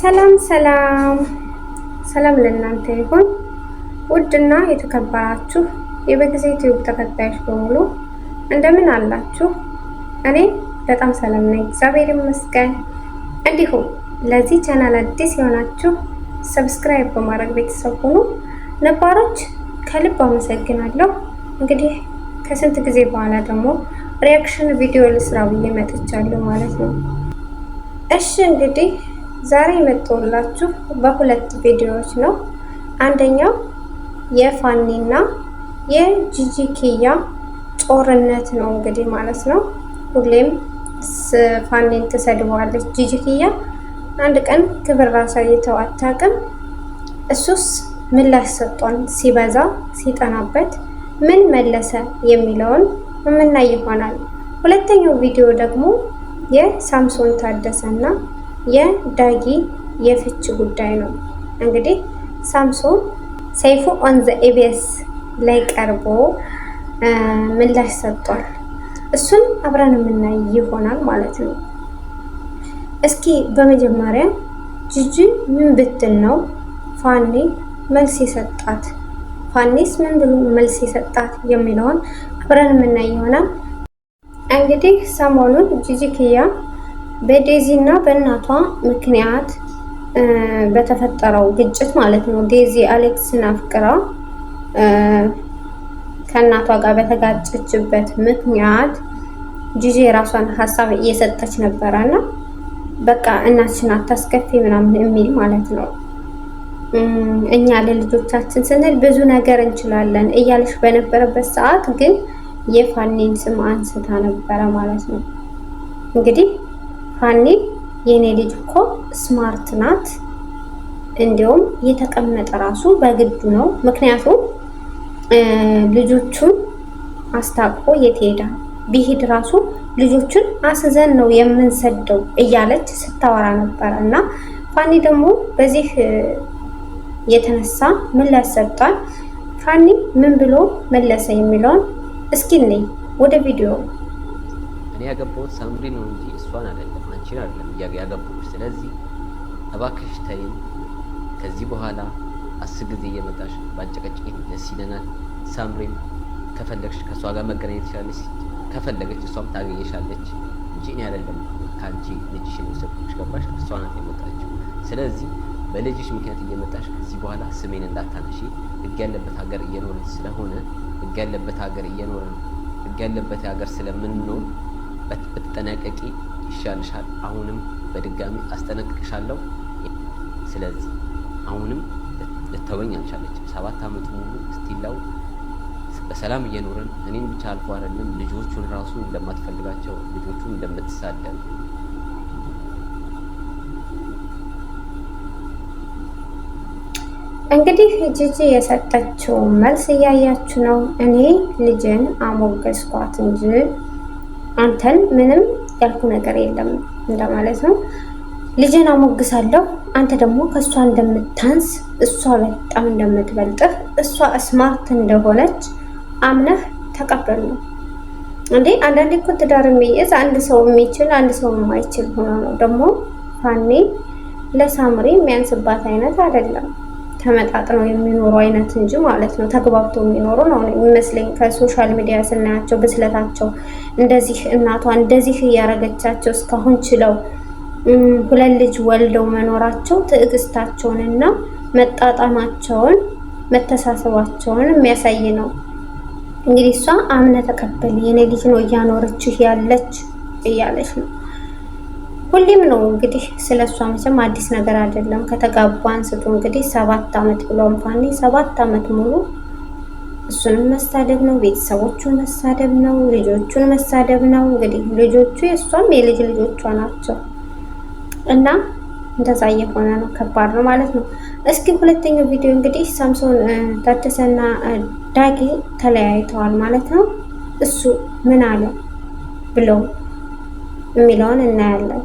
ሰላም ሰላም ሰላም ለእናንተ ይሁን። ውድና የተከበራችሁ የበጊዜ ዩቲዩብ ተከታዮች በሙሉ እንደምን አላችሁ? እኔ በጣም ሰላም ነኝ፣ እግዚአብሔር ይመስገን። እንዲሁም ለዚህ ቻናል አዲስ የሆናችሁ ሰብስክራይብ በማድረግ ቤተሰብ ሁኑ። ነባሮች ከልብ አመሰግናለሁ። እንግዲህ ከስንት ጊዜ በኋላ ደግሞ ሪያክሽን ቪዲዮ ልስራ ብዬ መጥቻለሁ ማለት ነው። እሺ እንግዲህ ዛሬ የመጣሁላችሁ በሁለት ቪዲዮዎች ነው። አንደኛው የፋኒና የጂጂኪያ ጦርነት ነው እንግዲህ ማለት ነው። ሁሌም ፋኒን ትሰድበዋለች ጂጂኪያ። አንድ ቀን ክብር ራሷ አታውቅም። እሱስ ምላሽ ሰጧን ሲበዛ ሲጠናበት ምን መለሰ የሚለውን የምናይ ይሆናል። ሁለተኛው ቪዲዮ ደግሞ የሳምሶን ታደሰና የዳጊ የፍች ጉዳይ ነው። እንግዲህ ሳምሶን ሰይፉ ኦን ዘ ኢቢኤስ ላይ ቀርቦ ምላሽ ሰጥቷል። እሱን አብረን የምናይ ይሆናል ማለት ነው። እስኪ በመጀመሪያ ጅጅ ምን ብትል ነው ፋኒ መልስ የሰጣት? ፋኒስ ምን ብሎ መልስ የሰጣት የሚለውን አብረን የምናይ ይሆናል። እንግዲህ ሰሞኑን ጂጂ ክያ በዴዚ እና በእናቷ ምክንያት በተፈጠረው ግጭት ማለት ነው። ዴዚ አሌክስን አፍቅራ ከእናቷ ጋር በተጋጨችበት ምክንያት ጂጂ የራሷን ሀሳብ እየሰጠች ነበረ እና በቃ እናችን አታስከፊ ምናምን የሚል ማለት ነው። እኛ ለልጆቻችን ስንል ብዙ ነገር እንችላለን እያለሽ በነበረበት ሰዓት ግን የፋኒን ስም አንስታ ነበረ ማለት ነው እንግዲህ ሀኒ የኔ ልጅ እኮ ስማርት ናት፣ እንዲሁም የተቀመጠ ራሱ በግዱ ነው። ምክንያቱም ልጆቹን አስታቆ የት ሄዳ ቢሄድ ራሱ ልጆቹን አስዘን ነው የምንሰደው እያለች ስታወራ ነበረ እና ፋኒ ደግሞ በዚህ የተነሳ ምላሽ ሰጥቷል። ፋኒ ምን ብሎ መለሰ የሚለውን እስኪ ወደ ቪዲዮ እኔ ያገባሁት ሳምሪ ነው እንጂ እሷን አለ ልጆችን አይደለም ያገቡ። ስለዚህ እባክሽ ተይን። ከዚህ በኋላ አስር ጊዜ እየመጣሽ ባጨቀጭቅኝ ደስ ይለናል። ሳምሪም ከፈለግሽ ከእሷ ጋር መገናኘት ትችላለች፣ ከፈለገች እሷም ታገኘሻለች እንጂ እኔ አይደለም ከአንቺ ልጅሽን የወሰድኩሽ። ገባሽ? እሷ ናት የመጣችው። ስለዚህ በልጅሽ ምክንያት እየመጣሽ ከዚህ በኋላ ስሜን እንዳታነሺ። ህግ ያለበት ሀገር እየኖርን ስለሆነ ህግ ያለበት ሀገር እየኖረ ህግ ያለበት ሀገር ስለምንኖር ብትጠነቀቂ ይሻልሻል። አሁንም በድጋሚ አስጠነቅቅሻለሁ። ስለዚህ አሁንም ልተወኝ አልቻለችም። ሰባት ዓመት ሙሉ እስቲላው በሰላም እየኖርን እኔን ብቻ አልፎ አይደለም ልጆቹን ራሱ እንደማትፈልጋቸው ልጆቹን እንደምትሳደብ እንግዲህ ጂጂ የሰጠችው መልስ እያያችሁ ነው። እኔ ልጅን አሞገስኳት እንጂ አንተን ምንም ያልኩ ነገር የለም እንደማለት ነው። ልጅን አሞግሳለሁ። አንተ ደግሞ ከእሷ እንደምታንስ እሷ በጣም እንደምትበልጥህ እሷ ስማርት እንደሆነች አምነህ ተቀበል ነው እንዴ። አንዳንዴ እኮ ትዳር የሚይዝ አንድ ሰው የሚችል አንድ ሰው የማይችል ሆኖ ነው። ደግሞ ፋኔ ለሳምሪ የሚያንስባት አይነት አይደለም። ተመጣጥነው የሚኖሩ አይነት እንጂ ማለት ነው ተግባብቶ የሚኖሩ ነው የሚመስለኝ። ከሶሻል ሚዲያ ስናያቸው ብስለታቸው እንደዚህ እናቷ እንደዚህ እያረገቻቸው እስካሁን ችለው ሁለት ልጅ ወልደው መኖራቸው ትዕግስታቸውንና መጣጣማቸውን መተሳሰባቸውን የሚያሳይ ነው። እንግዲህ እሷ አምነ ተቀበል የኔ ልጅ ነው እያኖረችህ ያለች እያለች ነው ሁሌም ነው እንግዲህ ስለ እሷ መቼም አዲስ ነገር አይደለም። ከተጋቡ አንስቶ እንግዲህ ሰባት አመት ብሏል ፋኒ። ሰባት አመት ሙሉ እሱንም መሳደብ ነው፣ ቤተሰቦቹን መሳደብ ነው፣ ልጆቹን መሳደብ ነው። እንግዲህ ልጆቹ የእሷም የልጅ ልጆቿ ናቸው እና እንደዛ እየሆነ ነው። ከባድ ነው ማለት ነው። እስኪ ሁለተኛው ቪዲዮ እንግዲህ ሳምሶን ታደሰና ዳጊ ተለያይተዋል ማለት ነው። እሱ ምን አለ ብለው የሚለውን እናያለን።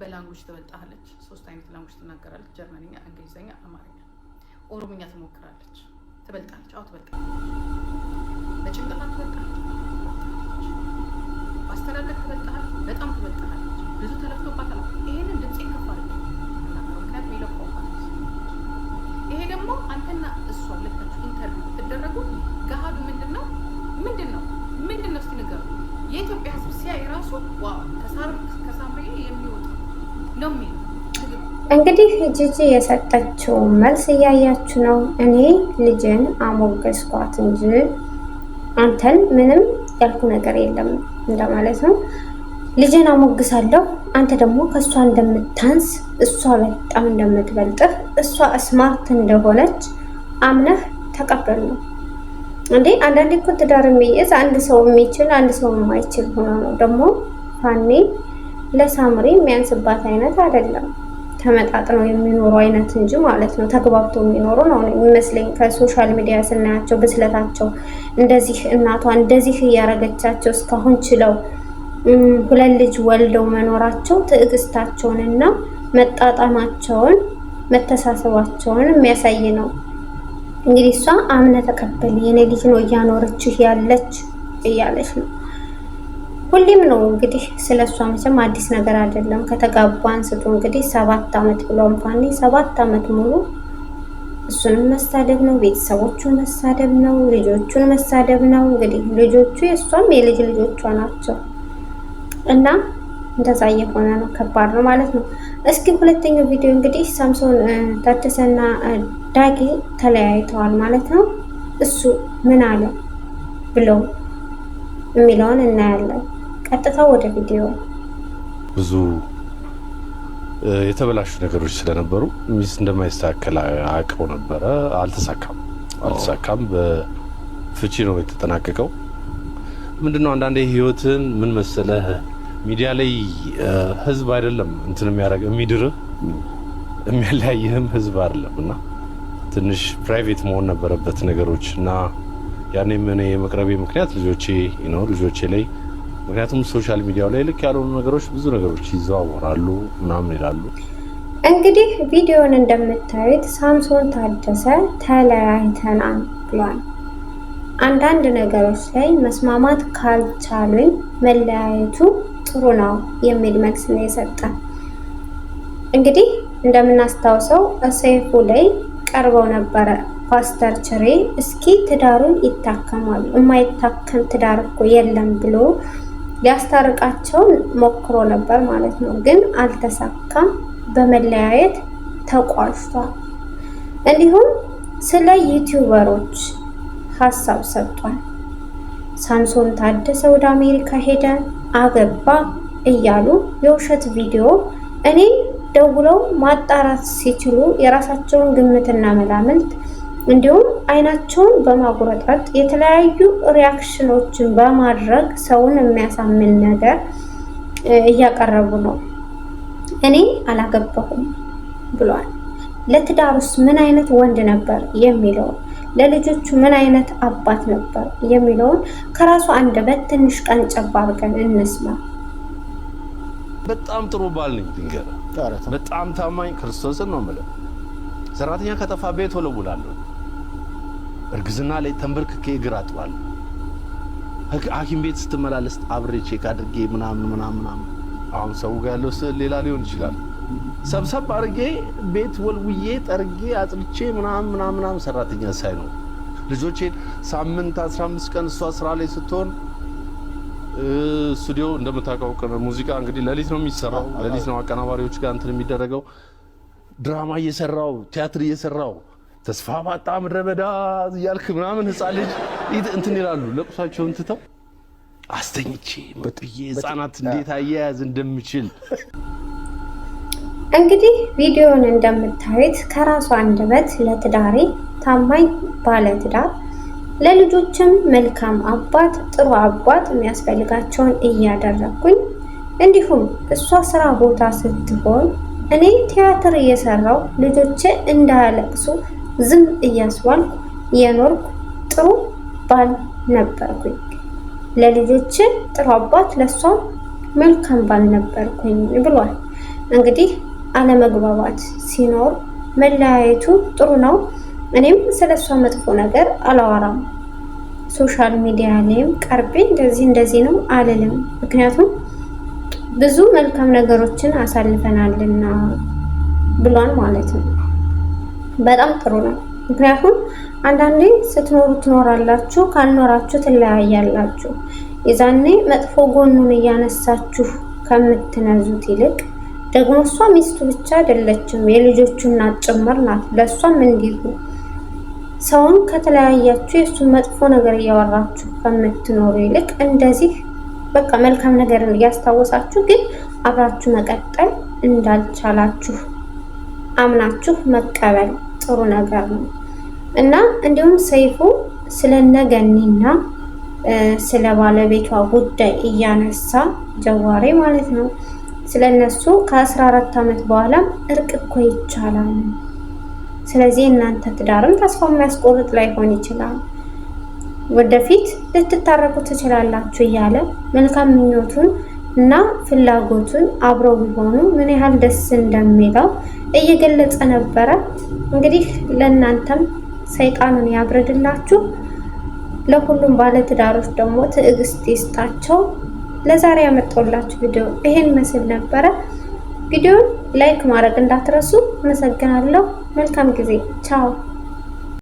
በላንጉጅ ትበልጣለች። ሶስት አይነት ላንጉጅ ትናገራለች፣ ጀርመንኛ፣ እንግሊዝኛ፣ አማርኛ። ኦሮምኛ ትሞክራለች። ትበልጣለች። አዎ ትበልጣለች። በጭንቅላት ትበልጣለች። በአስተዳደግ ትበልጣል። በጣም ትበልጣለች። ብዙ ተለፍቶባታል። ይሄንን ድምፅ ይከፋል። ምክንያቱም ይለቆባል። ይሄ ደግሞ አንተና እንግዲህ ጂጂ የሰጠችው መልስ እያያችሁ ነው። እኔ ልጅን አሞገስኳት እንጂ አንተን ምንም ያልኩ ነገር የለም እንደማለት ነው። ልጅን አሞግሳለሁ፣ አንተ ደግሞ ከእሷ እንደምታንስ እሷ በጣም እንደምትበልጥህ እሷ ስማርት እንደሆነች አምነህ ተቀበል ነው እንዴ። አንዳንዴ እኮ ትዳር የሚይዝ አንድ ሰው የሚችል አንድ ሰው የማይችል ሆኖ ነው። ደግሞ ፋኔ ለሳምሪ የሚያንስባት አይነት አይደለም። ተመጣጥነው የሚኖሩ አይነት እንጂ ማለት ነው ተግባብቶ የሚኖሩ ነው የሚመስለኝ። ከሶሻል ሚዲያ ስናያቸው ብስለታቸው እንደዚህ እናቷ እንደዚህ እያረገቻቸው እስካሁን ችለው ሁለት ልጅ ወልደው መኖራቸው ትዕግስታቸውንና መጣጣማቸውን መተሳሰባቸውን የሚያሳይ ነው። እንግዲህ እሷ አምነ ተቀበል የኔ ልጅ ነው እያኖረችህ ያለች እያለች ነው ሁሌም ነው እንግዲህ ስለ እሷ መቼም አዲስ ነገር አይደለም። ከተጋቡ አንስቶ እንግዲህ ሰባት አመት ብሎ እንኳን ሰባት አመት ሙሉ እሱንም መሳደብ ነው፣ ቤተሰቦቹን መሳደብ ነው፣ ልጆቹን መሳደብ ነው። እንግዲህ ልጆቹ የእሷም የልጅ ልጆቿ ናቸው እና እንደዛ እየሆነ ነው። ከባድ ነው ማለት ነው። እስኪ ሁለተኛው ቪዲዮ እንግዲህ ሳምሶን ታደሰና ዳጊ ተለያይተዋል ማለት ነው። እሱ ምን አለ ብለው የሚለውን እናያለን። ቀጥታ ወደ ቪዲዮ ብዙ የተበላሹ ነገሮች ስለነበሩ ሚስ እንደማይስተካከል አውቀው ነበረ። አልተሳካም አልተሳካም። በፍቺ ነው የተጠናቀቀው። ምንድነው አንዳንዴ ህይወትን ምን መሰለህ ሚዲያ ላይ ህዝብ አይደለም እንትን የሚያደርግ የሚድርህ የሚያለያይህም ህዝብ አይደለም እና ትንሽ ፕራይቬት መሆን ነበረበት ነገሮች እና ያኔ ምን የመቅረቤ ምክንያት ልጆቼ ነው ልጆቼ ላይ ምክንያቱም ሶሻል ሚዲያው ላይ ልክ ያልሆኑ ነገሮች ብዙ ነገሮች ይዘዋወራሉ ምናምን ይላሉ። እንግዲህ ቪዲዮን እንደምታዩት ሳምሶን ታደሰ ተለያይተናል ብሏል። አንዳንድ ነገሮች ላይ መስማማት ካልቻሉኝ መለያየቱ ጥሩ ነው የሚል መልስ ነው የሰጠ። እንግዲህ እንደምናስታውሰው ሰይፉ ላይ ቀርበው ነበረ ፓስተር ችሬ እስኪ ትዳሩን ይታከማል፣ የማይታከም ትዳር እኮ የለም ብሎ ሊያስታርቃቸው ሞክሮ ነበር ማለት ነው፣ ግን አልተሳካም። በመለያየት ተቋጭቷል። እንዲሁም ስለ ዩቲዩበሮች ሀሳብ ሰጥቷል። ሳምሶን ታደሰ ወደ አሜሪካ ሄደ፣ አገባ እያሉ የውሸት ቪዲዮ እኔ ደውለው ማጣራት ሲችሉ የራሳቸውን ግምትና መላምልት እንዲሁም አይናቸውን በማጉረጠጥ የተለያዩ ሪያክሽኖችን በማድረግ ሰውን የሚያሳምን ነገር እያቀረቡ ነው። እኔ አላገባሁም ብሏል። ለትዳሩስ ምን አይነት ወንድ ነበር የሚለውን ለልጆቹ ምን አይነት አባት ነበር የሚለውን ከራሱ አንደበት ትንሽ ቀን ጨባ አድርገን እንስማ። በጣም ጥሩ ባል ነኝ ድንገር በጣም ታማኝ ክርስቶስን ነው የምልህ። ሰራተኛ ከጠፋ ቤት ወለውላለሁ እርግዝና ላይ ተንበርክኬ እግር አጥባለሁ። ሐኪም ቤት ስትመላለስ አብሬ ቼክ አድርጌ ምናምን ምናምን አሁን ሰው ጋር ያለው ስዕል ሌላ ሊሆን ይችላል። ሰብሰብ አድርጌ ቤት ወልውዬ ጠርጌ አጥልቼ ምናምን ምናምን ምናምን ሰራተኛ ነው። ልጆቼን ሳምንት 15 ቀን እሷ ስራ ላይ ስትሆን ስቱዲዮ እንደምታውቀው ሙዚቃ እንግዲህ ለሊት ነው የሚሰራው። ለሊት ነው አቀናባሪዎች ጋር እንትን የሚደረገው። ድራማ እየሰራው ቲያትር እየሰራው ተስፋ ማጣ ምድረ በዳ እያልክ ምናምን ህፃን ልጅ እንትን ይላሉ። ለቁሳቸውን ትተው አስተኝቼ መጥዬ ህፃናት እንዴት አያያዝ እንደምችል እንግዲህ ቪዲዮውን እንደምታዩት ከራሷ አንደበት ለትዳሬ ታማኝ ባለ ትዳር፣ ለልጆችም መልካም አባት፣ ጥሩ አባት የሚያስፈልጋቸውን እያደረግኩኝ እንዲሁም እሷ ስራ ቦታ ስትሆን እኔ ቲያትር እየሰራው ልጆቼ እንዳያለቅሱ ዝም እያስባልኩ የኖርኩ ጥሩ ባል ነበርኩኝ። ለልጆች ጥሩ አባት፣ ለእሷም መልካም ባል ነበርኩኝ ብሏል። እንግዲህ አለመግባባት ሲኖር መለያየቱ ጥሩ ነው። እኔም ስለ እሷ መጥፎ ነገር አላወራም። ሶሻል ሚዲያ ላይም ቀርቤ እንደዚህ እንደዚህ ነው አልልም። ምክንያቱም ብዙ መልካም ነገሮችን አሳልፈናልና ብሏል ማለት ነው። በጣም ጥሩ ነው። ምክንያቱም አንዳንዴ ስትኖሩ ትኖራላችሁ፣ ካልኖራችሁ ትለያያላችሁ። የዛኔ መጥፎ ጎኑን እያነሳችሁ ከምትነዙት ይልቅ ደግሞ እሷ ሚስቱ ብቻ አይደለችም የልጆቹ እናት ጭምር ናት። ለእሷም እንዲሁ ሰውን ከተለያያችሁ የእሱን መጥፎ ነገር እያወራችሁ ከምትኖሩ ይልቅ እንደዚህ በቃ መልካም ነገርን እያስታወሳችሁ ግን አብራችሁ መቀጠል እንዳልቻላችሁ አምናችሁ መቀበል ጥሩ ነገር ነው እና እንዲሁም ሰይፉ ስለ ነገኒና ስለ ባለቤቷ ጉዳይ እያነሳ ጀዋሬ ማለት ነው ስለነሱ ከ14 ዓመት በኋላ እርቅ እኮ ይቻላል። ስለዚህ እናንተ ትዳርም ተስፋ የሚያስቆርጥ ላይሆን ይችላል፣ ወደፊት ልትታረቁ ትችላላችሁ እያለ መልካም ምኞቱን እና ፍላጎቱን አብረው ቢሆኑ ምን ያህል ደስ እንደሚለው እየገለጸ ነበረ። እንግዲህ ለእናንተም ሰይጣኑን ያብረድላችሁ፣ ለሁሉም ባለትዳሮች ደግሞ ትዕግስት ይስጣቸው። ለዛሬ ያመጣሁላችሁ ቪዲዮ ይሄን መስል ነበረ። ቪዲዮን ላይክ ማድረግ እንዳትረሱ። አመሰግናለሁ። መልካም ጊዜ። ቻው